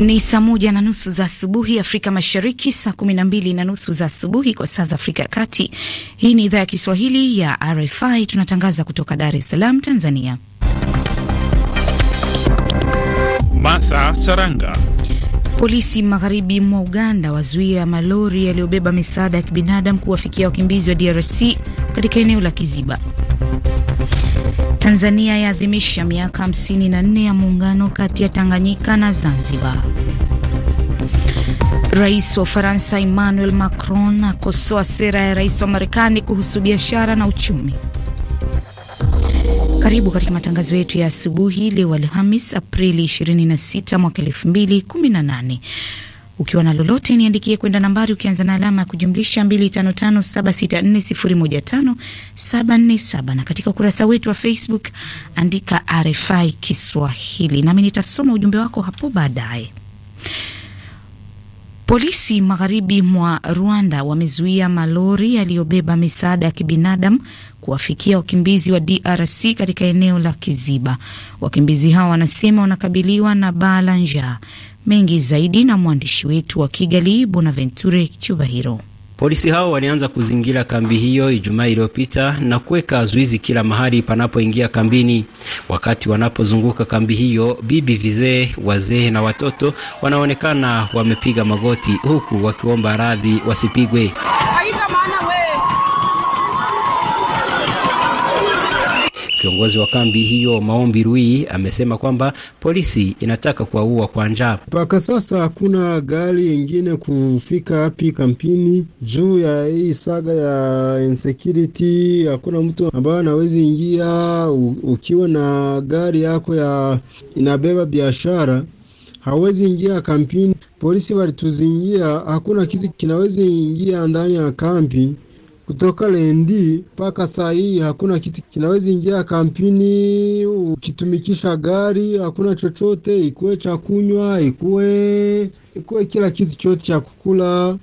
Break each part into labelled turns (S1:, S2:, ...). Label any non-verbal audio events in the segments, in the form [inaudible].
S1: Ni saa moja na nusu za asubuhi Afrika Mashariki, saa kumi na mbili na nusu za asubuhi kwa saa za Afrika ya Kati. Hii ni idhaa ya Kiswahili ya RFI, tunatangaza kutoka Dar es Salaam, Tanzania.
S2: Martha Saranga.
S1: Polisi magharibi mwa Uganda wazuia malori yaliyobeba misaada ya kibinadamu kuwafikia wakimbizi wa DRC katika eneo la Kiziba. Tanzania yaadhimisha miaka 54 ya muungano kati ya Tanganyika na Zanzibar. Rais wa Ufaransa Emmanuel Macron akosoa sera ya rais wa Marekani kuhusu biashara na uchumi. Karibu katika matangazo yetu ya asubuhi leo Alhamis Aprili 26 mwaka 2018. Ukiwa na lolote niandikie kwenda nambari ukianza na alama ya kujumlisha 255764015747 na katika ukurasa wetu wa Facebook andika RFI Kiswahili, nami nitasoma ujumbe wako hapo baadaye. Polisi magharibi mwa Rwanda wamezuia malori yaliyobeba misaada ya kibinadamu kuwafikia wakimbizi wa DRC katika eneo la Kiziba. Wakimbizi hao wanasema wanakabiliwa na baa la njaa mengi zaidi na mwandishi wetu wa Kigali, Bonaventure Chubahiro.
S3: Polisi hao walianza kuzingira kambi hiyo Ijumaa iliyopita na kuweka zuizi kila mahali panapoingia kambini. Wakati wanapozunguka kambi hiyo, bibi, vizee, wazee na watoto wanaonekana wamepiga magoti, huku wakiomba radhi wasipigwe. Kiongozi wa kambi hiyo Maombi Rui amesema kwamba polisi inataka kuwaua kwa njaa. Mpaka sasa hakuna gari yingine kufika hapi kampini juu ya hii saga ya insecurity. Hakuna mtu ambaye anawezi ingia. Ukiwa na gari yako ya inabeba biashara hawezi ingia kampini. Polisi walituzingia, hakuna kitu kinawezi ingia ndani ya kambi kutoka lendi mpaka saa hii hakuna kitu kinaweza ingia kampini. Ukitumikisha gari hakuna chochote, ikuwe cha kunywa, ikuwe ikuwe kila kitu chote cha kukula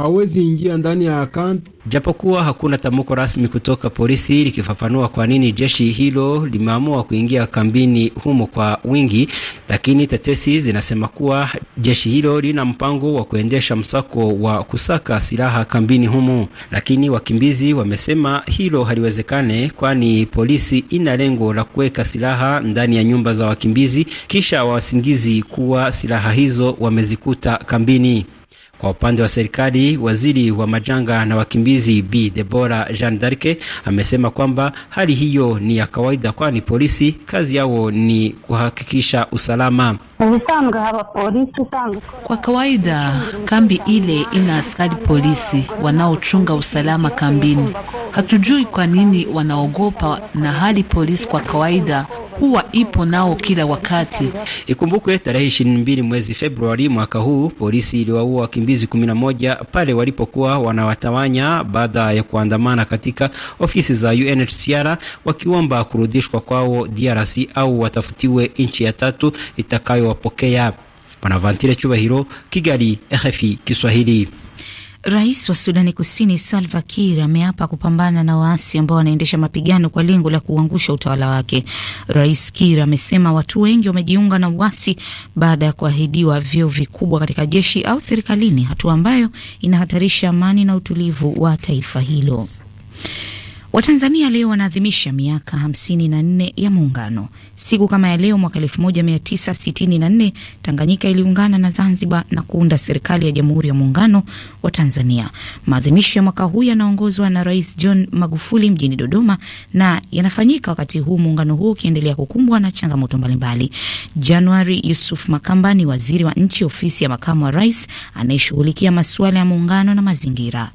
S3: hawezi ingia ndani ya kambi, japokuwa hakuna tamko rasmi kutoka polisi likifafanua kwa nini jeshi hilo limeamua kuingia kambini humo kwa wingi, lakini tetesi zinasema kuwa jeshi hilo lina mpango wa kuendesha msako wa kusaka silaha kambini humo, lakini wakimbizi wamesema hilo haliwezekane, kwani polisi ina lengo la kuweka silaha ndani ya nyumba za wakimbizi kisha wasingizi kuwa silaha hizo wamezikuta kambini. Kwa upande wa serikali, waziri wa majanga na wakimbizi b Debora Jean Darke amesema kwamba hali hiyo ni ya kawaida, kwani polisi kazi yao ni kuhakikisha usalama.
S4: Kwa kawaida kambi ile ina askari polisi wanaochunga usalama kambini. Hatujui kwa nini wanaogopa na hali polisi kwa kawaida huwa ipo nao kila wakati.
S3: Ikumbukwe tarehe 22 mwezi Februari mwaka huu polisi iliwaua wakimbizi 11 pale walipokuwa wanawatawanya baada ya kuandamana katika ofisi za UNHCR wakiomba kurudishwa kwao DRC au watafutiwe nchi ya tatu itakayowapokea. Bonaventure chubahiro Kigali, RFI Kiswahili.
S1: Rais wa Sudani Kusini Salva Kiir ameapa kupambana na waasi ambao wanaendesha mapigano kwa lengo la kuangusha utawala wake. Rais Kiir amesema watu wengi wamejiunga na uasi baada ya kuahidiwa vyeo vikubwa katika jeshi au serikalini, hatua ambayo inahatarisha amani na utulivu wa taifa hilo. Watanzania leo wanaadhimisha miaka 54 ya muungano. Siku kama ya leo mwaka 1964 Tanganyika iliungana na Zanzibar na kuunda serikali ya Jamhuri ya Muungano wa Tanzania. Maadhimisho ya mwaka huu yanaongozwa na Rais John Magufuli mjini Dodoma na yanafanyika wakati huu muungano huo ukiendelea kukumbwa na changamoto mbalimbali. Januari Yusuf Makamba ni waziri wa nchi ofisi ya makamu wa rais anayeshughulikia masuala ya muungano na mazingira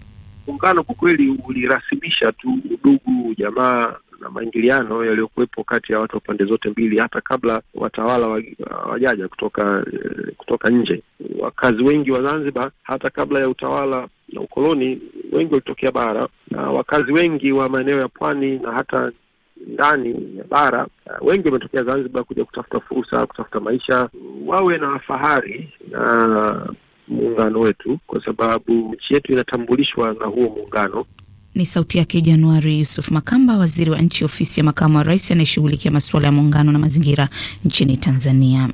S2: muungano kwa kweli ulirasimisha tu udugu, jamaa na maingiliano yaliyokuwepo kati ya watu wa pande zote mbili, hata kabla watawala wajaja kutoka eh, kutoka nje. Wakazi wengi wa Zanzibar, hata kabla ya utawala na ukoloni, wengi walitokea bara,
S5: na wakazi
S2: wengi wa maeneo ya pwani na hata ndani ya bara eh, wengi wametokea Zanzibar kuja kutafuta fursa, kutafuta maisha, wawe na fahari na muungano wetu, kwa sababu nchi yetu inatambulishwa na huo muungano.
S1: Ni sauti yake Januari Yusuf Makamba, waziri wa nchi ofisi ya makamu wa rais anayeshughulikia masuala ya muungano na mazingira nchini Tanzania.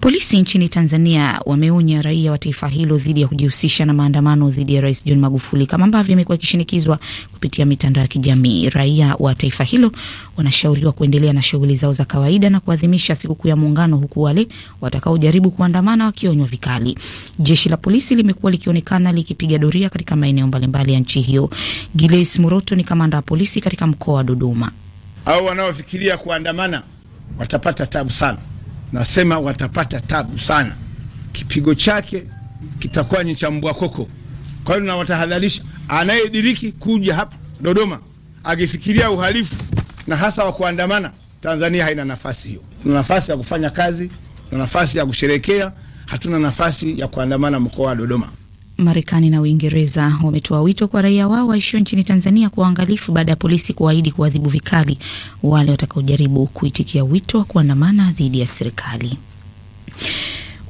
S1: Polisi nchini Tanzania wameonya raia wa taifa hilo dhidi ya kujihusisha na maandamano dhidi ya Rais John Magufuli kama ambavyo imekuwa ikishinikizwa kupitia mitandao ya kijamii. Raia wa taifa hilo wanashauriwa kuendelea na shughuli zao za kawaida na kuadhimisha sikukuu ya Muungano, huku wale watakaojaribu kuandamana wakionywa vikali. Jeshi la polisi limekuwa likionekana likipiga doria katika maeneo mbalimbali ya nchi hiyo. Giles Moroto ni kamanda wa polisi katika mkoa wa Dodoma.
S6: Au wanaofikiria kuandamana watapata tabu sana nasema watapata tabu sana. Kipigo chake kitakuwa ni cha mbwa koko. Kwa hiyo nawatahadharisha, anayediriki kuja hapa Dodoma akifikiria uhalifu na hasa wa kuandamana, Tanzania haina nafasi hiyo. Tuna nafasi ya kufanya kazi, tuna nafasi ya kusherekea, hatuna nafasi ya kuandamana mkoa wa Dodoma.
S1: Marekani na Uingereza wametoa wito kwa raia wao waishio nchini Tanzania kwa uangalifu baada ya polisi kuahidi kuadhibu vikali wale watakaojaribu kuitikia wito wa kuandamana dhidi ya serikali.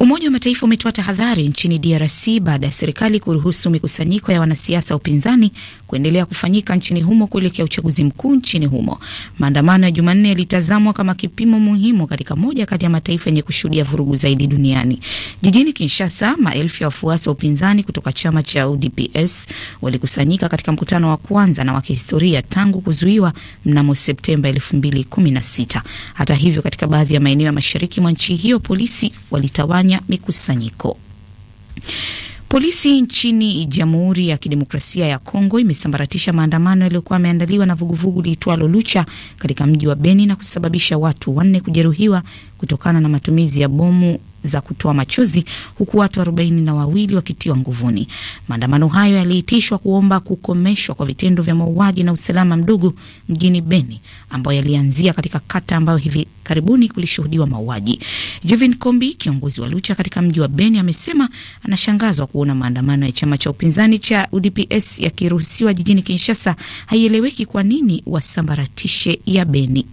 S1: Umoja wa Mataifa umetoa tahadhari nchini DRC baada ya serikali kuruhusu mikusanyiko ya wanasiasa wa upinzani kuendelea kufanyika nchini humo kuelekea uchaguzi mkuu nchini humo. Maandamano ya Jumanne yalitazamwa kama kipimo muhimu katika moja kati ya mataifa yenye kushuhudia vurugu zaidi duniani. Jijini Kinshasa, maelfu ya wafuasi wa upinzani kutoka chama cha UDPS walikusanyika katika mkutano wa kwanza na wa kihistoria tangu kuzuiwa mnamo Septemba 2016. Hata hivyo, katika baadhi ya maeneo ya mashariki mwa nchi hiyo polisi walitawanya kufanya mikusanyiko. Polisi nchini Jamhuri ya Kidemokrasia ya Kongo imesambaratisha maandamano yaliyokuwa yameandaliwa na vuguvugu liitwalo Lucha katika mji wa Beni na kusababisha watu wanne kujeruhiwa kutokana na matumizi ya bomu za kutoa machozi huku watu arobaini na wawili wakitiwa nguvuni. Maandamano hayo yaliitishwa kuomba kukomeshwa kwa vitendo vya mauaji na usalama mdogo mjini Beni ambayo yalianzia katika kata ambayo hivi karibuni kulishuhudiwa mauaji. Juvin Kombi, kiongozi wa Lucha katika mji wa Beni, amesema anashangazwa kuona maandamano ya chama cha upinzani cha UDPS yakiruhusiwa jijini Kinshasa. Haieleweki kwa nini wasambaratishe ya Beni.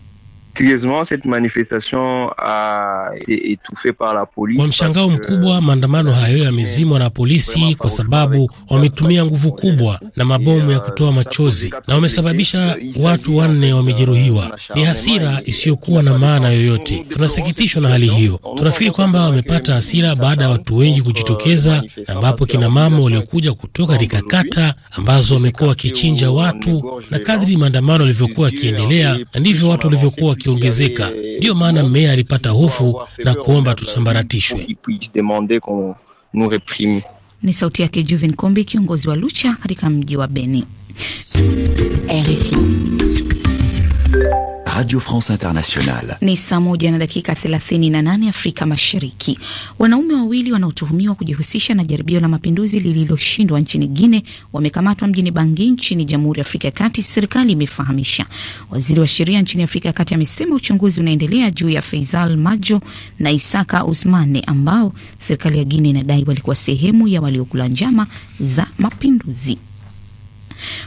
S6: Curieusement, cette manifestation
S3: a été étouffée par la police. Kwa mshangao
S6: mkubwa, maandamano hayo yamezimwa na polisi kwa sababu wametumia nguvu kubwa na mabomu ya euh, kutoa machozi na wamesababisha watu wanne euh, wamejeruhiwa. Ni hasira euh, isiyokuwa na maana yoyote. Tunasikitishwa na hali hiyo. Tunafikiri kwamba wamepata hasira baada ya watu wengi kujitokeza, ambapo kina mama waliokuja kutoka katika kata ambazo wamekuwa wakichinja watu, na kadri maandamano yalivyokuwa yakiendelea, na ndivyo watu walivyokuwa ikiongezeka. Ndiyo maana meya alipata hofu na kuomba tusambaratishwe.
S1: Ni sauti yake Juvin Kombi, kiongozi wa Lucha katika mji wa Beni, RFI. Radio France Internationale. Ni saa moja na dakika 38 Afrika Mashariki. Wanaume wawili wanaotuhumiwa kujihusisha na jaribio la mapinduzi lililoshindwa nchini Guine wamekamatwa mjini Bangui nchini Jamhuri ya Afrika ya Kati, serikali imefahamisha. Waziri wa sheria nchini Afrika ya Kati amesema uchunguzi unaendelea juu ya Faisal Majo na Isaka Usmane ambao serikali ya Guine inadai walikuwa sehemu ya waliokula njama za mapinduzi.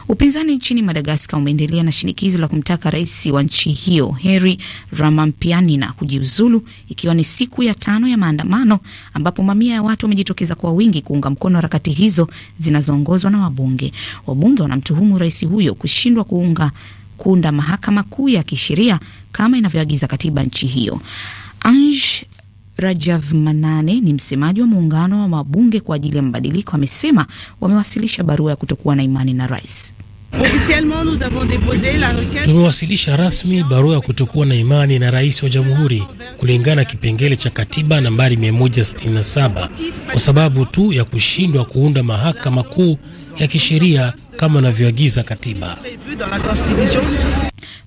S1: Upinzani nchini Madagaskar umeendelea na shinikizo la kumtaka rais wa nchi hiyo Heri Ramampianina kujiuzulu, ikiwa ni siku ya tano ya maandamano ambapo mamia ya watu wamejitokeza kwa wingi kuunga mkono harakati hizo zinazoongozwa na wabunge. Wabunge wanamtuhumu rais huyo kushindwa kuunga kuunda mahakama kuu ya kisheria kama inavyoagiza katiba nchi hiyo. Ange Rajav Manane ni msemaji wa muungano wa mabunge kwa ajili ya mabadiliko, amesema wamewasilisha barua ya kutokuwa na imani na rais.
S6: Tumewasilisha rasmi barua ya kutokuwa na imani na rais wa jamhuri kulingana na kipengele cha katiba nambari 167 kwa sababu tu ya kushindwa kuunda mahakama kuu ya kisheria kama anavyoagiza katiba.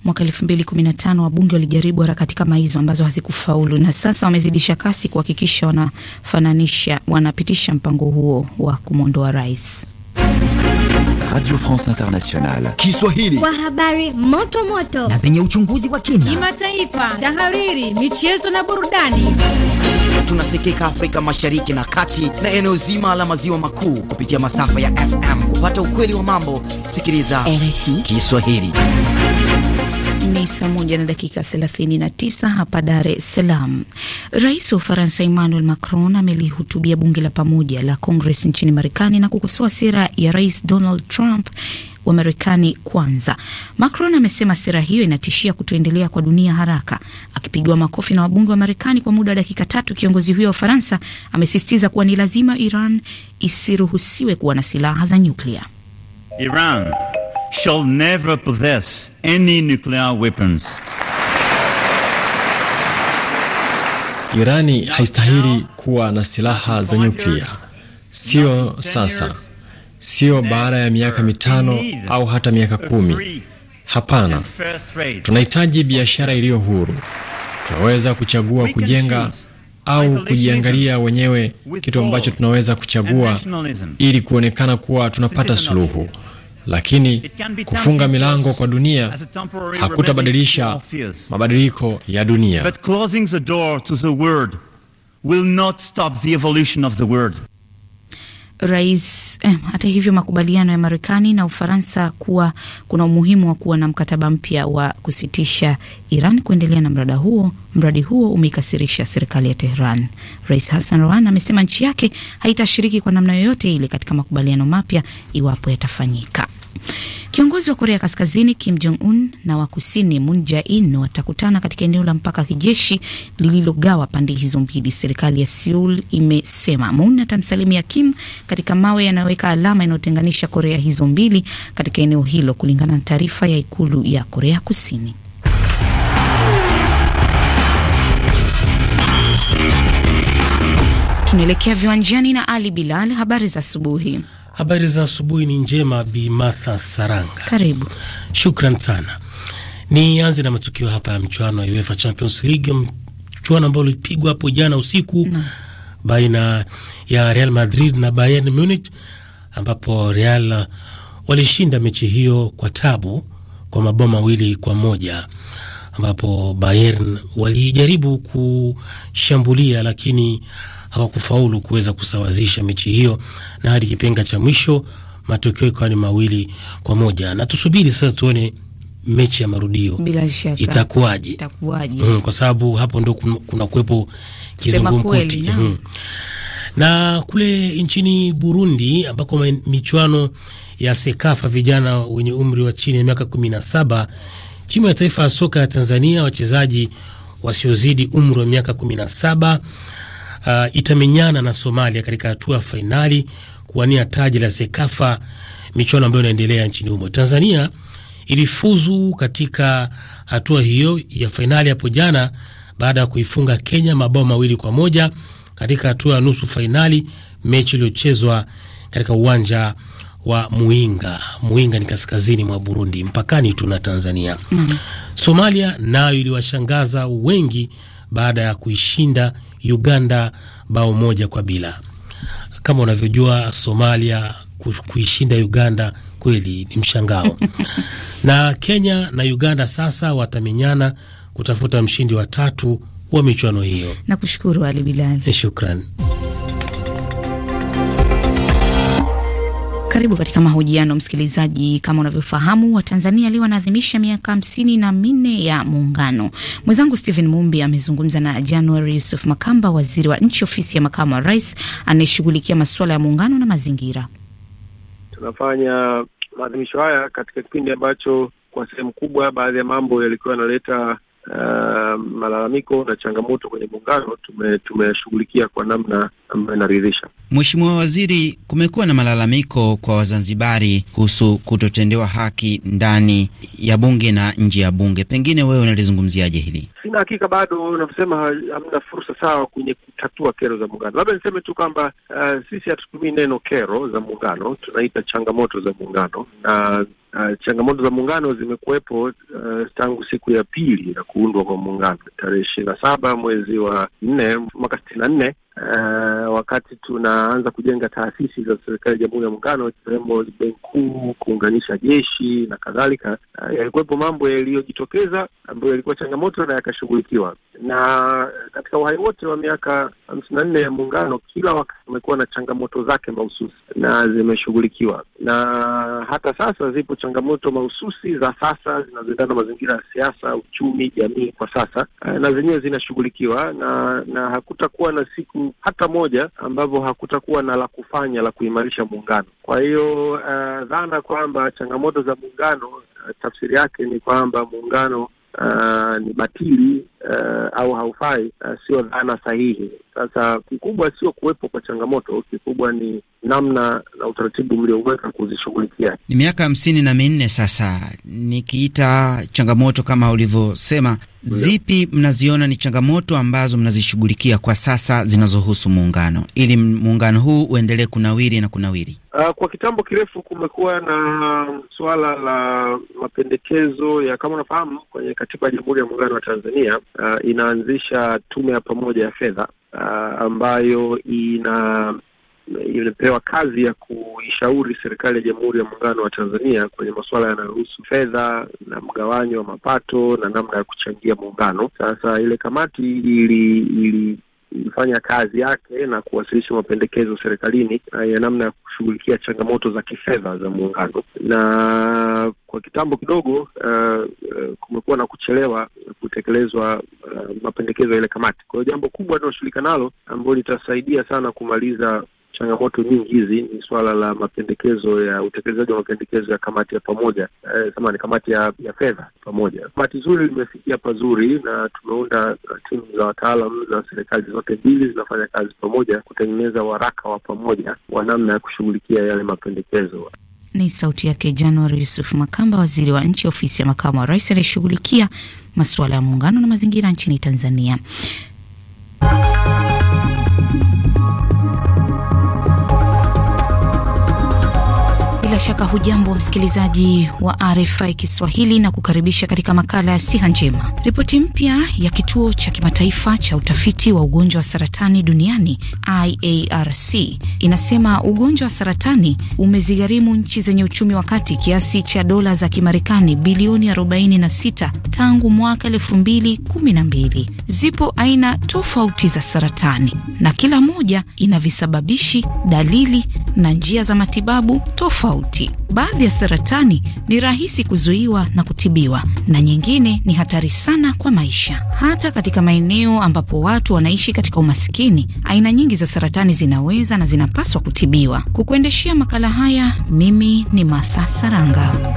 S1: Mwaka elfu mbili kumi na tano wabunge walijaribu harakati kama hizo ambazo hazikufaulu, na sasa wamezidisha kasi kuhakikisha wanafananisha, wanapitisha mpango huo wa kumwondoa rais. Radio France Internationale Kiswahili, kwa habari moto moto na zenye uchunguzi wa kina, kimataifa, tahariri, michezo na burudani. Tunasikika Afrika Mashariki na Kati na eneo zima la
S3: maziwa makuu kupitia masafa ya FM kupata ukweli wa mambo, sikiliza RFI Kiswahili.
S1: Ni saa moja na dakika 39 hapa Dar es Salaam. Rais wa Ufaransa Emmanuel Macron amelihutubia bunge la pamoja la Congress nchini Marekani na kukosoa sera ya Rais Donald Trump wa Marekani kwanza. Macron amesema sera hiyo inatishia kutoendelea kwa dunia haraka. Akipigiwa makofi na wabunge wa Marekani kwa muda wa dakika tatu, kiongozi huyo wa Ufaransa amesisitiza kuwa ni lazima Iran isiruhusiwe kuwa na silaha za nyuklia.
S3: Iran shall never possess any nuclear weapons. Irani haistahili kuwa na silaha za nyuklia, sio sasa sio baada ya miaka mitano au hata miaka kumi. Hapana, tunahitaji biashara iliyo huru. Tunaweza kuchagua kujenga au kujiangalia wenyewe kitu ambacho tunaweza kuchagua ili kuonekana kuwa tunapata suluhu, lakini kufunga milango kwa dunia hakutabadilisha mabadiliko ya dunia
S1: rais eh, hata hivyo makubaliano ya Marekani na Ufaransa kuwa kuna umuhimu wa kuwa na mkataba mpya wa kusitisha Iran kuendelea na mradi huo, mradi huo umeikasirisha serikali ya Tehran. Rais Hassan Rouhani amesema nchi yake haitashiriki kwa namna yoyote ile katika makubaliano mapya iwapo yatafanyika. Kiongozi wa Korea Kaskazini Kim Jong Un na wa Kusini Moon Jae-in watakutana katika eneo la mpaka kijeshi lililogawa pande hizo mbili, serikali ya Seoul imesema. Moon atamsalimia Kim katika mawe yanayoweka alama inayotenganisha Korea hizo mbili katika eneo hilo, kulingana na taarifa ya ikulu ya Korea Kusini. Tunaelekea viwanjani na Ali Bilal. Habari za asubuhi.
S6: Habari za asubuhi ni njema, Bi Martha Saranga, karibu. Shukran sana. Nianze na matukio hapa ya mchuano wa UEFA Champions League, mchuano ambao ulipigwa hapo jana usiku na mm. baina ya Real Madrid na Bayern Munich, ambapo Real walishinda mechi hiyo kwa tabu kwa mabao mawili kwa moja ambapo Bayern walijaribu kushambulia lakini hawakufaulu kuweza kusawazisha mechi hiyo, na hadi kipenga cha mwisho matokeo ikawa ni mawili kwa moja, na tusubiri sasa tuone mechi ya marudio itakuwaje, mm, kwa sababu hapo ndo kuna kuwepo kizungumkuti na. Mm. Mm-hmm. Na kule nchini Burundi ambako michuano ya Sekafa vijana wenye umri wa chini ya miaka kumi na saba timu ya taifa ya soka ya Tanzania wachezaji wasiozidi umri wa miaka kumi na saba uh, itamenyana na Somalia katika hatua ya fainali kuwania taji la Sekafa, michuano ambayo inaendelea nchini humo. Tanzania ilifuzu katika hatua hiyo ya fainali hapo jana baada ya kuifunga Kenya mabao mawili kwa moja katika hatua ya nusu fainali, mechi iliyochezwa katika uwanja wa Muinga. Muinga ni kaskazini mwa Burundi, mpakani tu na Tanzania. mm -hmm. Somalia nayo iliwashangaza wengi baada ya kuishinda Uganda bao moja kwa bila. Kama unavyojua Somalia kuishinda Uganda kweli ni mshangao [laughs] na Kenya na Uganda sasa watamenyana kutafuta mshindi wa tatu wa michuano hiyo.
S1: Nakushukuru Ali Bilali, shukran. Karibu katika mahojiano msikilizaji. Kama unavyofahamu, Watanzania leo wanaadhimisha miaka hamsini na minne ya Muungano. Mwenzangu Stephen Mumbi amezungumza na January Yusuf Makamba, waziri wa nchi ofisi ya makamu wa rais anayeshughulikia masuala ya muungano na mazingira.
S2: Tunafanya maadhimisho haya katika kipindi ambacho kwa sehemu kubwa baadhi ya mambo yalikuwa yanaleta uh, malalamiko na changamoto kwenye muungano tumeshughulikia tume kwa namna ambayo inaridhisha.
S3: Mheshimiwa Waziri, kumekuwa na malalamiko kwa Wazanzibari kuhusu kutotendewa haki ndani ya bunge na nje ya bunge, pengine wewe unalizungumziaje hili?
S2: Sina hakika bado, navyosema hamna fursa sawa kwenye kutatua kero za muungano. Labda niseme tu kwamba uh, sisi hatutumii neno kero za muungano, tunaita changamoto za muungano na Uh, changamoto za muungano zimekuwepo uh, tangu siku ya pili ya kuundwa kwa muungano tarehe ishirini na saba mwezi wa nne mwaka sitini na nne Uh, wakati tunaanza kujenga taasisi za serikali ya Jamhuri ya Muungano ikiwemo Benki Kuu, kuunganisha jeshi na kadhalika, uh, yalikuwepo mambo yaliyojitokeza ambayo yalikuwa changamoto na yakashughulikiwa. Na katika uhai wote wa miaka hamsini na nne ya Muungano, kila wakati umekuwa na changamoto zake mahususi na zimeshughulikiwa, na hata sasa zipo changamoto mahususi za sasa zinazoendana na mazingira ya siasa, uchumi, jamii kwa sasa, uh, na zenyewe zinashughulikiwa na na hakutakuwa na siku hata moja ambavyo hakutakuwa na la kufanya la kuimarisha muungano. Kwa hiyo uh, dhana kwamba changamoto za muungano uh, tafsiri yake ni kwamba muungano uh, ni batili uh, au haufai uh, sio dhana sahihi. Sasa kikubwa sio kuwepo kwa changamoto, kikubwa ni namna na utaratibu mlioweka kuzishughulikia.
S3: Ni miaka hamsini na minne sasa, nikiita changamoto kama ulivyosema, zipi mnaziona ni changamoto ambazo mnazishughulikia kwa sasa zinazohusu muungano ili muungano huu uendelee kunawiri na kunawiri?
S2: Uh, kwa kitambo kirefu kumekuwa na suala la mapendekezo ya, kama unafahamu, kwenye katiba ya Jamhuri ya Muungano wa Tanzania uh, inaanzisha tume ya pamoja ya fedha uh, ambayo ina imepewa kazi ya kuishauri serikali ya Jamhuri ya Muungano wa Tanzania kwenye masuala yanayohusu fedha na mgawanyo wa mapato na namna ya kuchangia muungano. Sasa ile kamati ili, ili ilifanya kazi yake na kuwasilisha mapendekezo serikalini uh, ya namna ya kushughulikia changamoto za kifedha za muungano. Na kwa kitambo kidogo uh, uh, kumekuwa na kuchelewa kutekelezwa uh, mapendekezo ya ile kamati. Kwa hiyo jambo kubwa linaloshughulika nalo ambayo litasaidia sana kumaliza changamoto nyingi hizi ni suala la mapendekezo ya utekelezaji wa mapendekezo ya kamati ya pamoja eh, samani kamati ya, ya fedha pamoja. Kamati zuri limefikia pazuri, na tumeunda uh, timu za wataalam za serikali zote mbili zinafanya kazi pamoja kutengeneza waraka wa pamoja wa namna ya kushughulikia yale mapendekezo.
S1: Ni sauti yake Januari Yusuf Makamba, waziri wa nchi ofisi ya makamu wa rais anayeshughulikia masuala ya muungano na mazingira nchini Tanzania. shaka hujambo msikilizaji wa RFI Kiswahili na kukaribisha katika makala ya siha njema. Ripoti mpya ya kituo cha kimataifa cha utafiti wa ugonjwa wa saratani duniani IARC inasema ugonjwa wa saratani umezigharimu nchi zenye uchumi wa kati kiasi cha dola za Kimarekani bilioni 46 tangu mwaka 2012. Zipo aina tofauti za saratani na kila moja ina visababishi, dalili na njia za matibabu tofauti tofauti. Baadhi ya saratani ni rahisi kuzuiwa na kutibiwa, na nyingine ni hatari sana kwa maisha. Hata katika maeneo ambapo watu wanaishi katika umasikini, aina nyingi za saratani zinaweza na zinapaswa kutibiwa. Kukuendeshea makala haya, mimi ni Martha Saranga.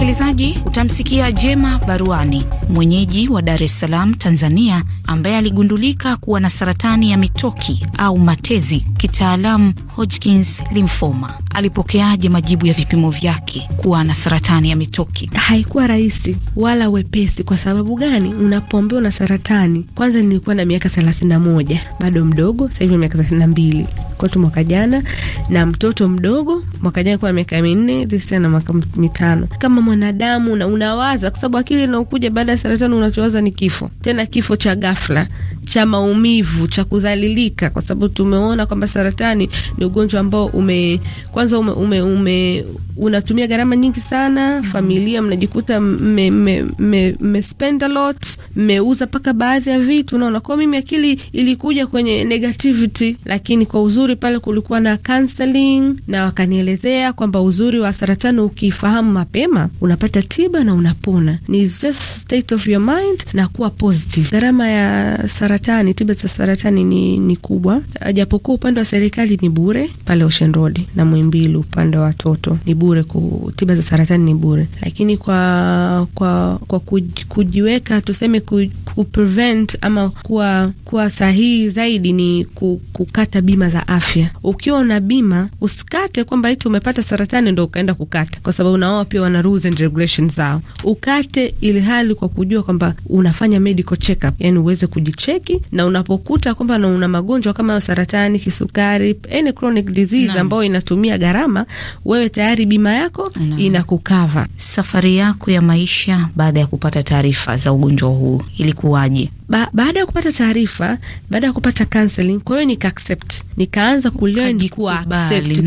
S1: msikilizaji, utamsikia Jema Baruani, mwenyeji wa Dar es Salaam, Tanzania, ambaye aligundulika kuwa na saratani ya mitoki au matezi, kitaalamu Hodgkins lymphoma alipokeaje majibu ya vipimo vyake kuwa na saratani ya mitoki? Haikuwa
S4: rahisi wala wepesi. Kwa sababu gani? Unapoambiwa na saratani, kwanza nilikuwa na miaka thelathini na moja, bado mdogo. Sasa hivi miaka thelathini na mbili kwetu mwaka jana, na mtoto mdogo mwaka jana kwa miaka minne, this na mwaka mitano. Kama mwanadamu na unawaza kwa sababu akili inaokuja baada ya saratani, unachowaza ni kifo, tena kifo cha ghafla cha maumivu cha kudhalilika, kwa sababu tumeona kwamba saratani ni ugonjwa ambao ume kwanza ume, ume, ume, unatumia gharama nyingi sana mm. familia, mnajikuta mmespend a lot, mmeuza mpaka baadhi ya vitu. Unaona, kwa mimi akili ilikuja kwenye negativity, lakini kwa uzuri pale kulikuwa na counseling na wakanielezea kwamba uzuri wa saratani ukifahamu mapema unapata tiba na unapona. Ni just state of your mind na kuwa positive. Gharama ya saratani, tiba za saratani ni, ni kubwa, japokuwa upande wa serikali ni bure pale Ocean Road na Muhimbili mbili upande wa watoto ni bure, tiba za saratani ni bure, lakini kwa kwa, kwa kujiweka tuseme kuj, kuprevent ama kuwa, kuwa sahihi zaidi ni kukata bima za afya. Ukiwa una bima usikate kwamba eti umepata saratani ndo ukaenda kukata, kwa sababu nao pia wana rules and regulations zao. Ukate ili hali kwa kujua kwamba unafanya medical check up, yani uweze kujicheki, na unapokuta kwamba na una magonjwa kama saratani, kisukari, any chronic disease ambayo inatumia gharama, wewe tayari bima yako inakukava safari yako ya maisha
S1: baada ya kupata taarifa za ugonjwa huu ili ilikuwaje?
S4: Ba, baada ya kupata taarifa, baada ya kupata counseling, kwa hiyo nika accept, nikaanza kulearn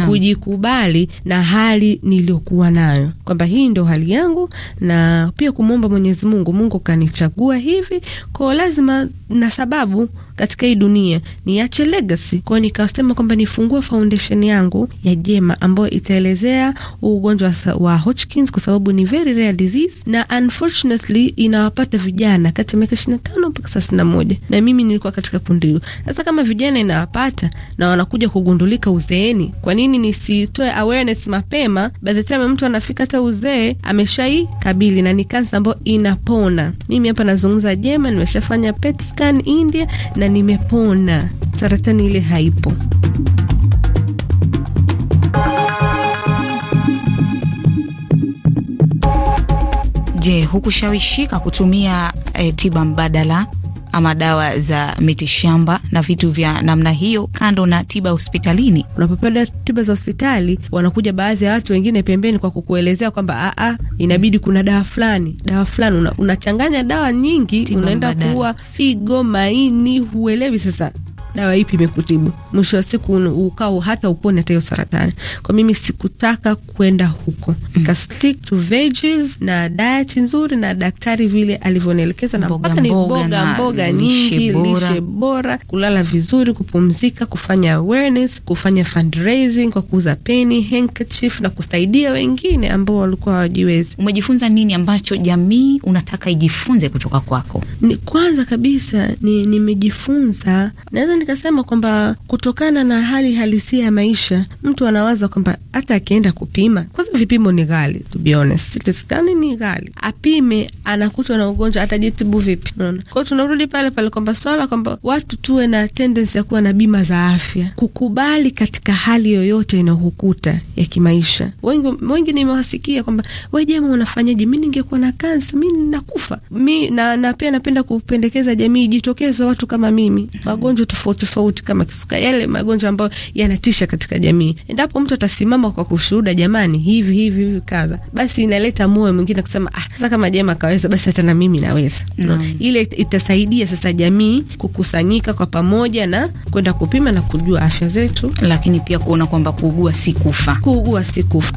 S4: kujikubali na hali niliyokuwa nayo kwamba hii ndio hali yangu, na pia kumwomba Mwenyezi Mungu, Mungu kanichagua hivi, kwa lazima na sababu katika hii dunia niache legacy kwao. Nikasema kwamba nifungue foundation yangu ya Jema ambayo itaelezea ugonjwa wa Hodgkins kwa sababu ni very rare disease na unfortunately inawapata vijana kati ya miaka 25 mpaka 31, na na mimi nilikuwa katika kundi hilo. Sasa kama vijana inawapata na wanakuja kugundulika uzeeni, kwa nini nisitoe awareness mapema? By the time mtu anafika hata uzee ameshai kabili na ni kansa ambayo inapona. Mimi hapa nazungumza Jema, nimeshafanya PET scan India na na nimepona, saratani ile haipo.
S1: Je, hukushawishika kutumia e, tiba mbadala ama dawa za miti shamba na vitu vya namna hiyo, kando na tiba hospitalini. Unapopenda
S4: tiba za hospitali, wanakuja baadhi ya watu wengine pembeni kwa kukuelezea kwamba a, ah, ah, inabidi kuna dawa fulani, dawa fulani. Una, unachanganya dawa nyingi, unaenda kuua figo, maini, huelewi sasa dawa ipi imekutibu, mwisho wa siku ukao hata upone hata hiyo saratani. Kwa mimi sikutaka kwenda huko, nika stick to veggies na diet nzuri na daktari vile alivyonielekeza, na mpaka ni mboga mboga nyingi, lishe bora, kulala vizuri, kupumzika, kufanya awareness, kufanya fundraising kwa kuuza peni, handkerchief na kusaidia wengine ambao walikuwa hawajiwezi. Umejifunza nini ambacho jamii
S1: unataka ijifunze kutoka kwako?
S4: Ni kwanza kabisa nimejifunza ni naweza nikasema kwamba kutokana na hali halisia ya maisha, mtu anawaza kwamba hata akienda kupima, kwanza vipimo ni ghali, to be honest, testani ni ghali, apime anakutwa na ugonjwa, atajitibu vipi? Unaona, kwa hiyo tunarudi pale pale kwamba swala kwamba watu tuwe na tendensi ya kuwa na bima za afya, kukubali katika hali yoyote inayokukuta ya kimaisha. Wengi wengi nimewasikia kwamba wewe, jema, unafanyaje? Mi ningekuwa na kansa, mi nakufa mi na, na pia napenda kupendekeza jamii jitokeze watu kama mimi, magonjwa mm-hmm. tofauti tofauti tofauti kama kisukari, yale magonjwa ambayo yanatisha katika jamii. Endapo mtu atasimama kwa kushuhuda, jamani, hivi hivi hivi kadha, basi inaleta moyo mwingine kusema ah, sasa kama jema kaweza, basi hata na mimi naweza mm. No. Ile itasaidia sasa jamii kukusanyika kwa pamoja na kwenda kupima na kujua afya zetu, lakini pia kuona
S1: kwamba kuugua si kufa, kuugua si kufa.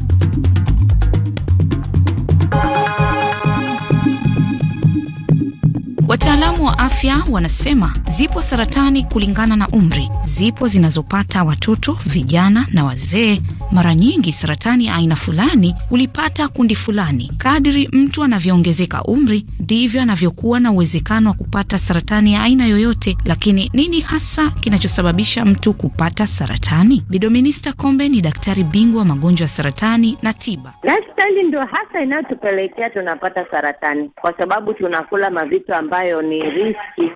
S1: Wataalamu wa afya wanasema zipo saratani kulingana na umri, zipo zinazopata watoto, vijana na wazee, mara nyingi saratani ya aina fulani ulipata kundi fulani. Kadri mtu anavyoongezeka umri, ndivyo anavyokuwa na uwezekano wa kupata saratani ya aina yoyote. Lakini nini hasa kinachosababisha mtu kupata saratani? Bidominista Kombe ni daktari bingwa wa magonjwa ya saratani na tiba.
S5: Lifestyle ndio hasa inayotupelekea tunapata saratani, kwa sababu tunakula mavitu ambayo ni riski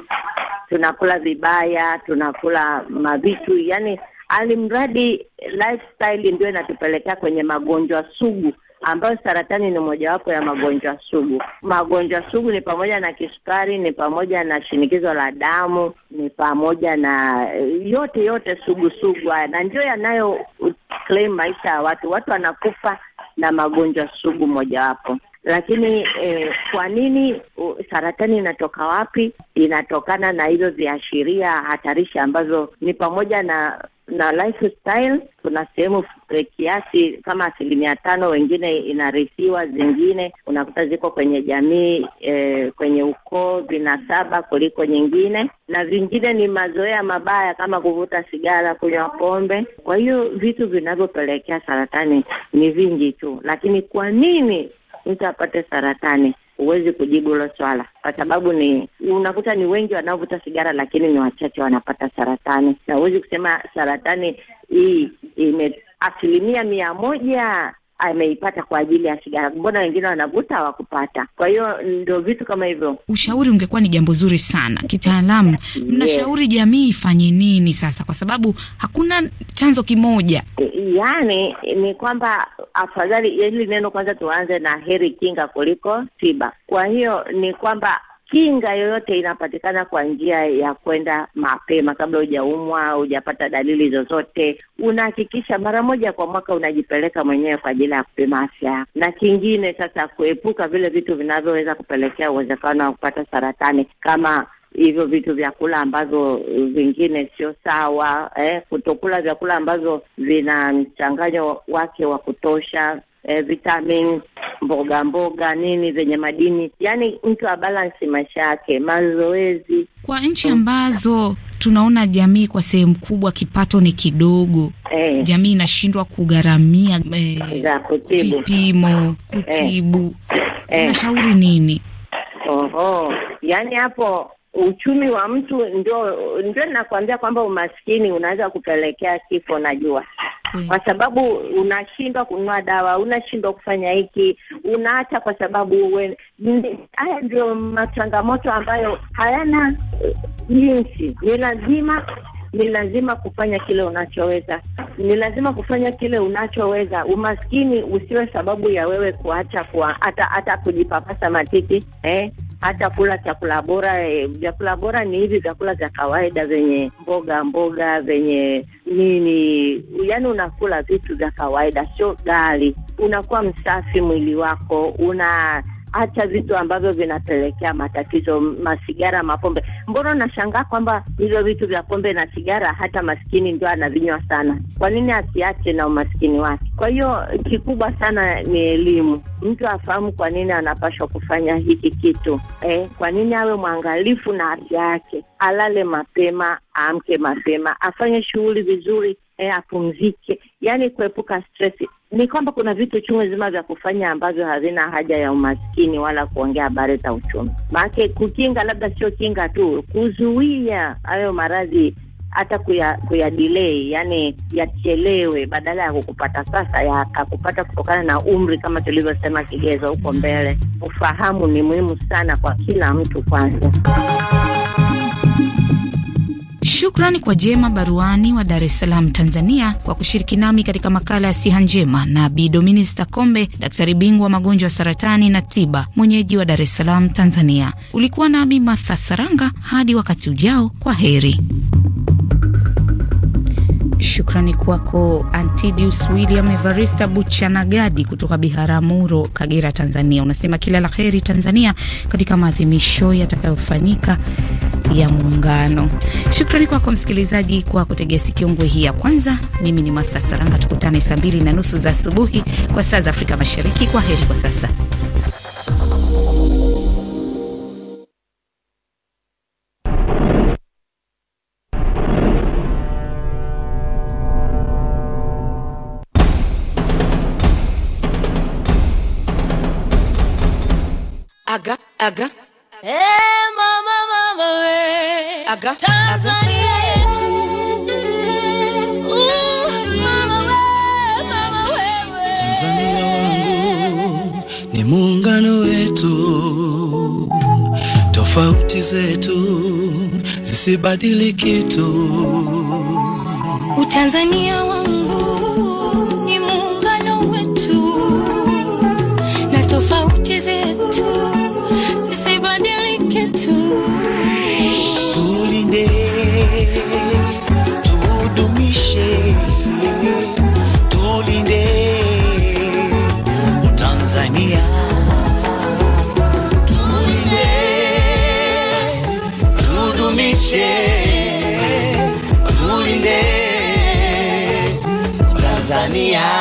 S5: tunakula vibaya, tunakula mavitu yani alimradi lifestyle ndio inatupelekea kwenye magonjwa sugu ambayo saratani ni mojawapo ya magonjwa sugu. Magonjwa sugu ni pamoja na kisukari, ni pamoja na shinikizo la damu, ni pamoja na eh, yote yote sugu sugu haya, na ndio yanayo claim maisha ya watu. Watu wanakufa na magonjwa sugu mojawapo. Lakini eh, kwa nini uh, saratani inatoka wapi? Inatokana na hizo viashiria hatarishi ambazo ni pamoja na na lifestyle, Kuna sehemu eh, kiasi kama asilimia tano, wengine inarisiwa, zingine unakuta ziko kwenye jamii e, kwenye ukoo, vinasaba kuliko nyingine, na vingine ni mazoea mabaya kama kuvuta sigara, kunywa pombe. Kwa hiyo vitu vinavyopelekea saratani ni vingi tu, lakini kwa nini mtu apate saratani? huwezi kujibu hilo swala, kwa sababu ni unakuta ni wengi wanaovuta sigara, lakini ni wachache wanapata saratani, na huwezi kusema saratani hii ime asilimia mia moja ameipata kwa ajili ya sigara. Mbona wengine wanavuta hawakupata? Kwa hiyo ndo vitu kama hivyo.
S1: Ushauri ungekuwa ni jambo zuri sana kitaalamu. Mnashauri yes, jamii ifanye nini sasa, kwa sababu hakuna chanzo kimoja?
S5: E, yani ni kwamba afadhali, hili neno kwanza tuanze na heri kinga kuliko tiba. Kwa hiyo ni kwamba kinga yoyote inapatikana kwa njia ya kwenda mapema, kabla hujaumwa hujapata dalili zozote. Unahakikisha mara moja kwa mwaka unajipeleka mwenyewe kwa ajili ya kupima afya na kingine sasa, kuepuka vile vitu vinavyoweza kupelekea uwezekano wa kupata saratani kama hivyo vitu vyakula ambavyo vingine sio sawa eh, kutokula vyakula ambavyo vina mchanganyo wake wa kutosha, eh, vitamin mboga mboga nini zenye madini, yani mtu abalansi maisha yake, mazoezi. Kwa nchi
S1: ambazo tunaona jamii kwa sehemu kubwa kipato ni kidogo eh, jamii inashindwa kugharamia eh,
S5: vipimo kutibu eh, eh. unashauri eh, nini? Oho, yani hapo uchumi wa mtu ndio ndio nakwambia kwamba umaskini unaweza kupelekea kifo, najua mm. Kwa sababu unashindwa kununua dawa, unashindwa kufanya hiki, unaacha kwa sababu Haya ndio machangamoto ambayo hayana eh, jinsi, ni lazima ni lazima kufanya kile unachoweza, ni lazima kufanya kile unachoweza. Umaskini usiwe sababu ya wewe kuacha kwa hata hata kujipapasa matiti eh? hata kula chakula bora. Eh, vyakula bora ni hivi vyakula vya kawaida vyenye mboga mboga vyenye nini, yaani unakula vitu vya kawaida, sio gari Unakuwa msafi mwili wako, una hata vitu ambavyo vinapelekea matatizo masigara, mapombe. Mbona nashangaa kwamba hivyo vitu vya pombe na sigara hata maskini ndio anavinywa sana? Kwa nini asiache na umaskini wake? Kwa hiyo kikubwa sana ni elimu, mtu afahamu kwa nini anapashwa kufanya hiki kitu eh, kwa nini awe mwangalifu na afya yake, alale mapema, aamke mapema, afanye shughuli vizuri eh, apumzike, yani kuepuka stress ni kwamba kuna vitu chungu zima vya kufanya ambavyo havina haja ya umaskini wala kuongea habari za uchumi. Maanake kukinga labda sio kinga tu, kuzuia hayo maradhi hata kuya, kuya delay yani yachelewe, badala ya kukupata sasa yakakupata kutokana na umri, kama tulivyosema kigezo huko mbele. Ufahamu ni muhimu sana kwa kila mtu kwanza.
S1: Shukrani kwa Jema Baruani wa Dar es Salaam, Tanzania, kwa kushiriki nami katika makala ya siha njema, na Bi Dominista Kombe, daktari bingwa wa magonjwa ya saratani na tiba, mwenyeji wa Dar es Salaam, Tanzania. Ulikuwa nami Martha Saranga, hadi wakati ujao, kwa heri. Shukrani kwako Antidius William Evarista Buchanagadi kutoka biharamuro Kagera, Tanzania. Unasema kila la heri Tanzania katika maadhimisho yatakayofanyika ya Muungano. Shukrani kwako msikilizaji kwa kutegea sikiongwe hii ya kwanza. Mimi ni Martha Saranga, tukutane saa mbili na nusu za asubuhi kwa saa za Afrika Mashariki. Kwa heri kwa sasa. Aga, aga. Hey, mama we
S6: aga Tanzania yetu wangu
S3: ni muungano
S6: wetu, tofauti zetu zisibadili kitu.
S1: Utanzania wangu
S4: minha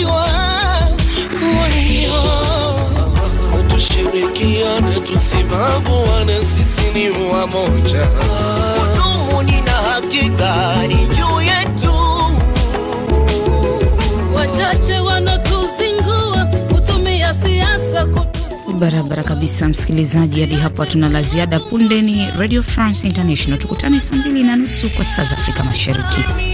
S6: tushirikiane, tusimamane, sisi ni wamoja. Kudumu
S3: nina hakika ni juu yetu. Wachache wanatuzingua kutumia siasa kutusu.
S1: Barabara kabisa, msikilizaji. Hadi hapa tuna la ziada. Punde ni Radio France International, tukutane saa mbili na nusu kwa saa za Afrika Mashariki.